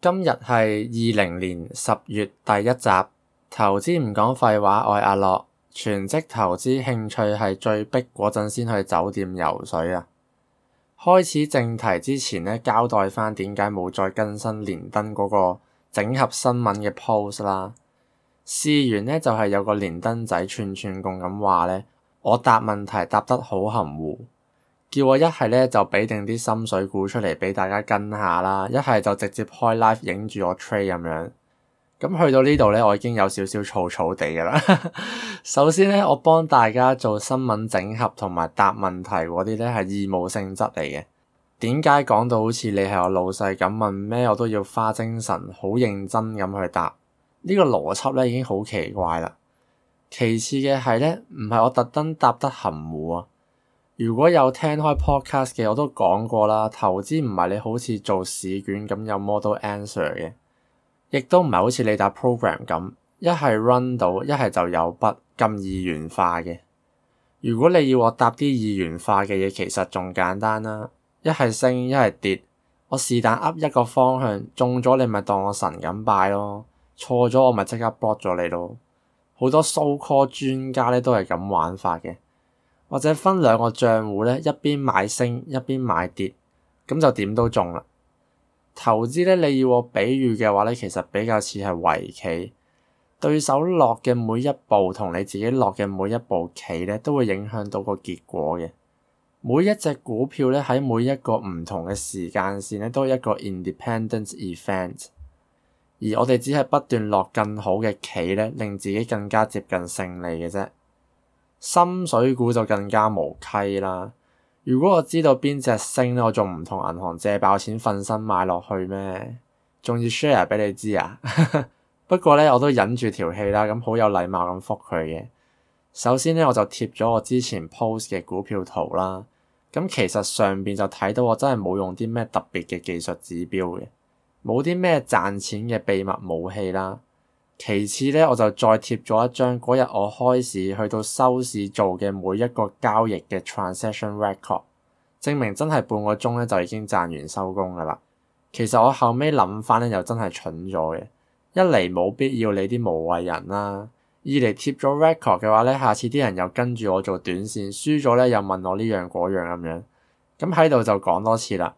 今日係二零年十月第一集，投資唔講廢話，愛阿樂全職投資，興趣係最逼嗰陣先去酒店游水啊！開始正題之前呢，交代翻點解冇再更新連登嗰個整合新聞嘅 post 啦。事源呢，就係、是、有個連登仔串串貢咁話呢，我答問題答得好含糊。叫我呢一係咧就俾定啲心水股出嚟俾大家跟下啦，一係就直接開 live 影住我 trade 咁樣。咁去到呢度咧，我已經有少少草草地噶啦。 首先咧，我幫大家做新聞整合同埋答問題嗰啲咧係義務性質嚟嘅。點解講到好似你係我老細咁問咩，我都要花精神好認真咁去答？這個、邏輯，呢個邏輯咧已經好奇怪啦。其次嘅係咧，唔係我特登答得含糊啊。如果有聽開 podcast 嘅，我都講過啦。投資唔係你好似做試卷咁有 model answer 嘅，亦都唔係好似你搭 program 咁，一係 run 到，一係就有筆咁二元化嘅。如果你要我搭啲二元化嘅嘢，其實仲簡單啦，一係升，一係跌。我是但噏一個方向，中咗你咪當我神咁拜咯，錯咗我咪即刻 block 咗你咯。好多 so call 專家咧都係咁玩法嘅。或者分兩個賬戶咧，一邊買升，一邊買跌，咁就點都中啦。投資咧，你要我比喻嘅話咧，其實比較似係圍棋，對手落嘅每一步同你自己落嘅每一步棋咧，都會影響到個結果嘅。每一隻股票咧，喺每一個唔同嘅時間線咧，都係一個 independent event。而我哋只係不斷落更好嘅棋咧，令自己更加接近勝利嘅啫。深水股就更加無稽啦！如果我知道邊隻升，我仲唔同銀行借爆錢瞓身買落去咩？仲要 share 俾你知啊？ 不過咧，我都忍住條氣啦，咁好有禮貌咁覆佢嘅。首先咧，我就貼咗我之前 post 嘅股票圖啦。咁其實上邊就睇到我真係冇用啲咩特別嘅技術指標嘅，冇啲咩賺錢嘅秘密武器啦。其次咧，我就再貼咗一張嗰日我開市去到收市做嘅每一個交易嘅 transaction record，證明真係半個鐘咧就已經賺完收工噶啦。其實我後尾諗翻咧，又真係蠢咗嘅。一嚟冇必要理啲無謂人啦，二嚟貼咗 record 嘅話咧，下次啲人又跟住我做短線，輸咗咧又問我呢樣嗰樣咁樣。咁喺度就講多次啦，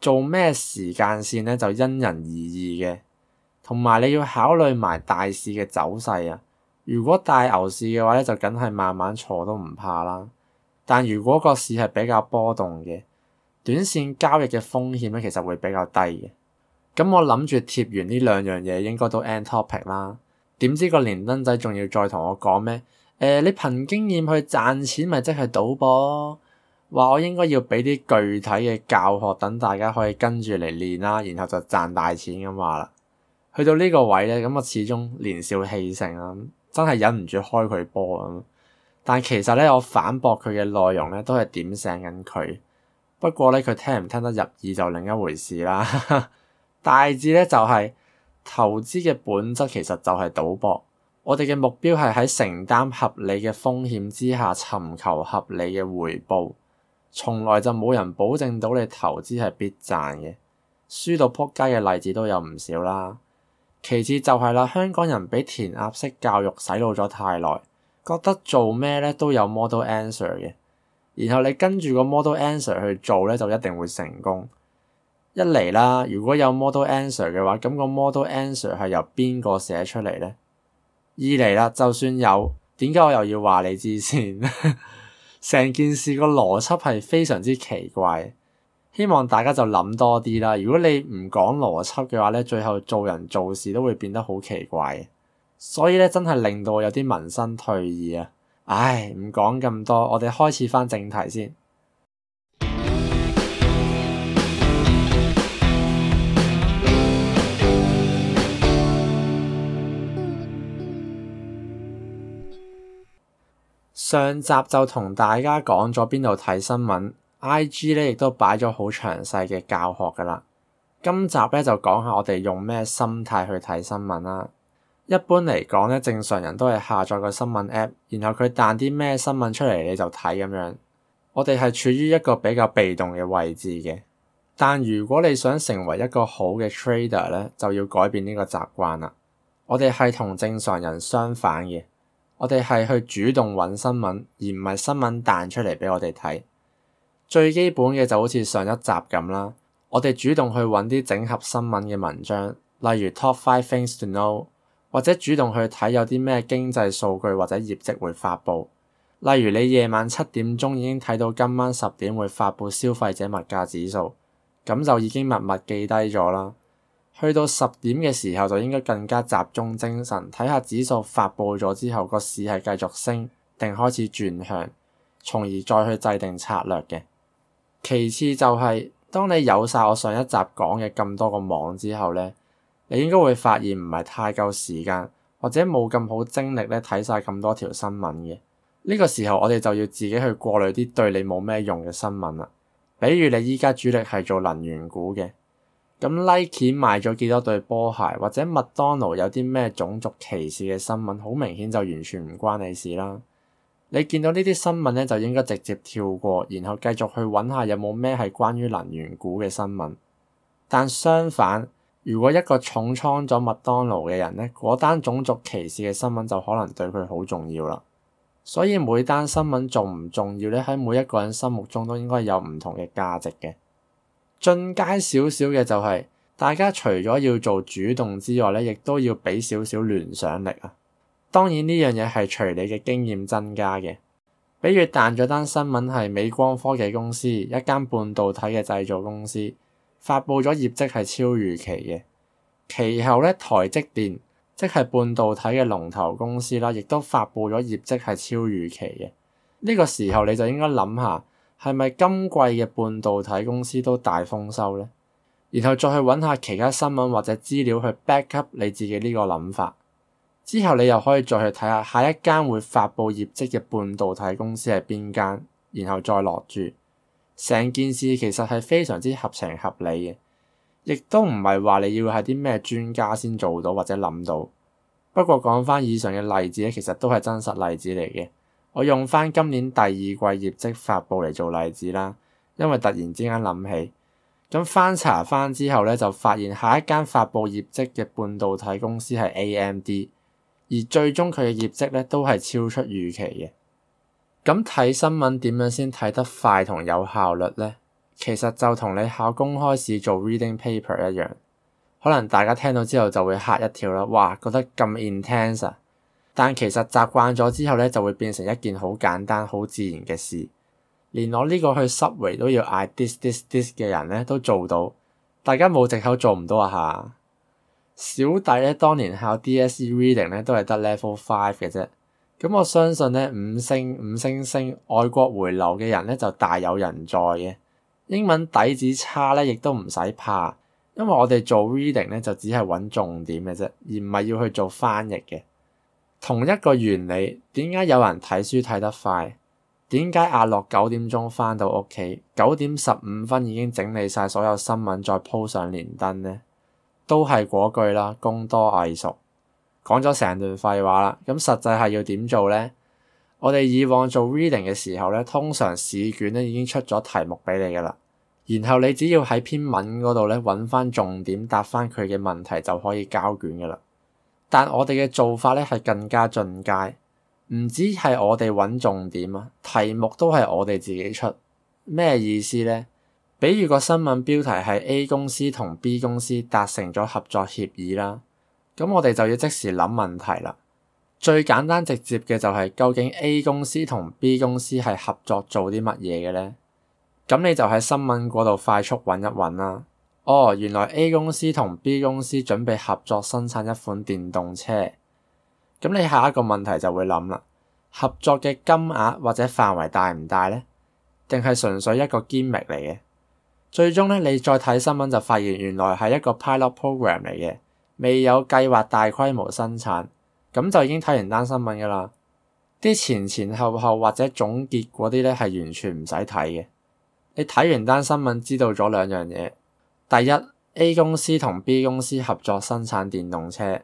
做咩時間線咧就因人而異嘅。同埋你要考慮埋大市嘅走勢啊！如果大牛市嘅話咧，就梗係慢慢坐都唔怕啦。但如果個市係比較波動嘅，短線交易嘅風險咧，其實會比較低嘅。咁、嗯、我諗住貼完呢兩樣嘢應該都 end topic 啦。點知個連登仔仲要再同我講咩？誒、呃，你憑經驗去賺錢咪即係賭波、哦？話我應該要俾啲具體嘅教學，等大家可以跟住嚟練啦，然後就賺大錢咁話啦。去到呢個位咧，咁我始終年少氣盛啊，真係忍唔住開佢波啊。但其實咧，我反駁佢嘅內容咧，都係點醒緊佢。不過咧，佢聽唔聽得入耳就另一回事啦。 大致咧就係、是、投資嘅本質其實就係賭博。我哋嘅目標係喺承擔合理嘅風險之下，尋求合理嘅回報。從來就冇人保證到你投資係必賺嘅，輸到撲街嘅例子都有唔少啦。其次就係啦，香港人俾填鴨式教育洗腦咗太耐，覺得做咩咧都有 model answer 嘅，然後你跟住個 model answer 去做咧就一定會成功。一嚟啦，如果有 model answer 嘅話，咁 mod 個 model answer 係由邊個寫出嚟咧？二嚟啦，就算有，點解我又要話你知先？成 件事個邏輯係非常之奇怪。希望大家就諗多啲啦。如果你唔講邏輯嘅話呢，最後做人做事都會變得好奇怪。所以呢真係令到我有啲萌生退意啊！唉，唔講咁多，我哋開始翻正題先。上集就同大家講咗邊度睇新聞。IG 咧，亦都擺咗好詳細嘅教學噶啦。今集咧就講下我哋用咩心態去睇新聞啦。一般嚟講咧，正常人都係下載個新聞 app，然後佢彈啲咩新聞出嚟你就睇咁樣。我哋係處於一個比較被動嘅位置嘅。但如果你想成為一個好嘅 trader 咧，就要改變呢個習慣啦。我哋係同正常人相反嘅，我哋係去主動揾新聞，而唔係新聞彈出嚟俾我哋睇。最基本嘅就好似上一集咁啦，我哋主動去揾啲整合新聞嘅文章，例如 Top Five Things to Know，或者主動去睇有啲咩經濟數據或者業績會發布，例如你夜晚七點鐘已經睇到今晚十點會發布消費者物價指數，咁就已經默默記低咗啦。去到十點嘅時候就應該更加集中精神睇下指數發布咗之後個市係繼續升定開始轉向，從而再去制定策略嘅。其次就係，當你有晒我上一集講嘅咁多個網之後咧，你應該會發現唔係太夠時間，或者冇咁好精力咧睇晒咁多條新聞嘅。呢個時候我哋就要自己去過濾啲對你冇咩用嘅新聞啦。比如你依家主力係做能源股嘅，咁 Nike 賣咗幾多對波鞋，或者麥當勞有啲咩種族歧視嘅新聞，好明顯就完全唔關你事啦。你見到呢啲新聞咧，就應該直接跳過，然後繼續去揾下有冇咩係關於能源股嘅新聞。但相反，如果一個重倉咗麥當勞嘅人咧，嗰單種族歧視嘅新聞就可能對佢好重要啦。所以每單新聞重唔重要咧，喺每一個人心目中都應該有唔同嘅價值嘅。進階少少嘅就係，大家除咗要做主動之外咧，亦都要俾少少聯想力啊。當然呢樣嘢係隨你嘅經驗增加嘅。比如彈咗單新聞係美光科技公司，一間半導體嘅製造公司，發佈咗業績係超預期嘅，其後咧，台積電即係半導體嘅龍頭公司啦，亦都發佈咗業績係超預期嘅。呢個時候你就應該諗下係咪今季嘅半導體公司都大豐收呢？然後再去揾下其他新聞或者資料去 back up 你自己呢個諗法。之後你又可以再去睇下下一間會發布業績嘅半導體公司係邊間，然後再落注。成件事其實係非常之合情合理嘅，亦都唔係話你要係啲咩專家先做到或者諗到。不過講翻以上嘅例子咧，其實都係真實例子嚟嘅。我用翻今年第二季業績發布嚟做例子啦，因為突然之間諗起，咁翻查翻之後咧，就發現下一間發布業績嘅半導體公司係 AMD。而最終佢嘅業績咧都係超出預期嘅。咁睇新聞點樣先睇得快同有效率呢？其實就同你考公開試做 reading paper 一樣。可能大家聽到之後就會嚇一跳啦，哇，覺得咁 intense 啊！但其實習慣咗之後咧，就會變成一件好簡單好自然嘅事。連我呢個去 subway 都要嗌 this this this 嘅人咧，都做到。大家冇藉口做唔到啊嚇！啊小弟咧，當年考 DSE reading 咧，都係得 level five 嘅啫。咁我相信咧，五星五星星愛國回流嘅人咧，就大有人在嘅。英文底子差咧，亦都唔使怕，因為我哋做 reading 咧，就只係揾重點嘅啫，而唔係要去做翻譯嘅。同一個原理，點解有人睇書睇得快？點解阿樂九點鐘返到屋企，九點十五分已經整理晒所有新聞，再鋪上連登咧？都係嗰句啦，工多藝熟，講咗成段廢話啦。咁實際係要點做呢？我哋以往做 reading 嘅時候咧，通常試卷咧已經出咗題目俾你噶啦，然後你只要喺篇文嗰度咧揾翻重點，答翻佢嘅問題就可以交卷噶啦。但我哋嘅做法咧係更加進階，唔止係我哋揾重點啊，題目都係我哋自己出。咩意思呢？比如個新聞標題係 A 公司同 B 公司達成咗合作協議啦，咁我哋就要即時諗問題啦。最簡單直接嘅就係究竟 A 公司同 B 公司係合作做啲乜嘢嘅咧？咁你就喺新聞嗰度快速揾一揾啦。哦，原來 A 公司同 B 公司準備合作生產一款電動車。咁你下一個問題就會諗啦，合作嘅金額或者範圍大唔大咧？定係純粹一個 gimmick 嚟嘅？最終咧，你再睇新聞就發現原來係一個 pilot program 嚟嘅，未有計劃大規模生產，咁就已經睇完單新聞㗎喇。啲前前後後或者總結嗰啲咧係完全唔使睇嘅。你睇完單新聞知道咗兩樣嘢：第一，A 公司同 B 公司合作生產電動車；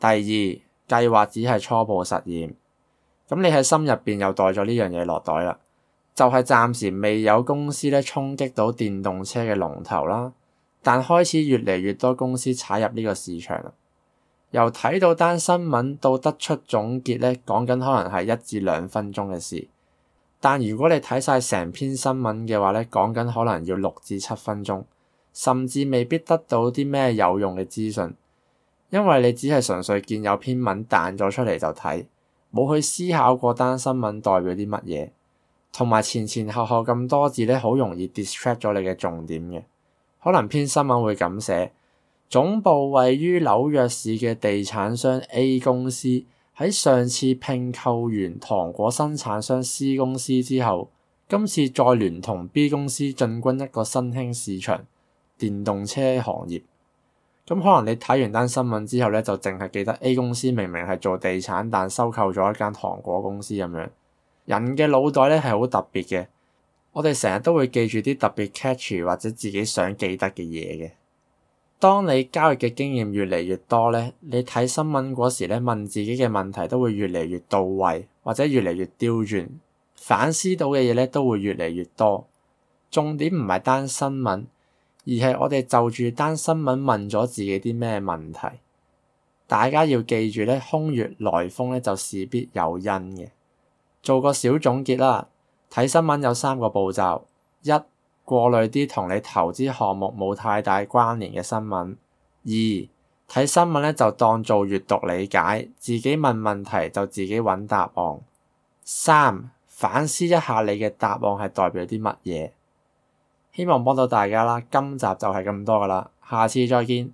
第二，計劃只係初步實驗。咁你喺心入邊又袋咗呢樣嘢落袋啦。就係暫時未有公司咧衝擊到電動車嘅龍頭啦，但開始越嚟越多公司踩入呢個市場。由睇到單新聞到得出總結咧，講緊可能係一至兩分鐘嘅事，但如果你睇晒成篇新聞嘅話咧，講緊可能要六至七分鐘，甚至未必得到啲咩有用嘅資訊，因為你只係純粹見有篇文彈咗出嚟就睇，冇去思考過單新聞代表啲乜嘢。同埋前前後後咁多字咧，好容易 distract 咗你嘅重點嘅。可能篇新聞會咁寫：總部位於紐約市嘅地產商 A 公司喺上次併購完糖果生產商 C 公司之後，今次再聯同 B 公司進軍一個新興市場——電動車行業。咁、嗯、可能你睇完單新聞之後咧，就淨係記得 A 公司明明係做地產，但收購咗一間糖果公司咁樣。人嘅腦袋咧係好特別嘅，我哋成日都會記住啲特別 catchy 或者自己想記得嘅嘢嘅。當你交易嘅經驗越嚟越多咧，你睇新聞嗰時咧問自己嘅問題都會越嚟越到位，或者越嚟越刁鑽，反思到嘅嘢咧都會越嚟越多。重點唔係單新聞，而係我哋就住單新聞問咗自己啲咩問題。大家要記住咧，空穴來風咧就事必有因嘅。做個小總結啦，睇新聞有三個步驟：一、過濾啲同你投資項目冇太大關聯嘅新聞；二、睇新聞咧就當做閱讀理解，自己問問題就自己揾答案；三、反思一下你嘅答案係代表啲乜嘢。希望幫到大家啦，今集就係咁多噶啦，下次再見。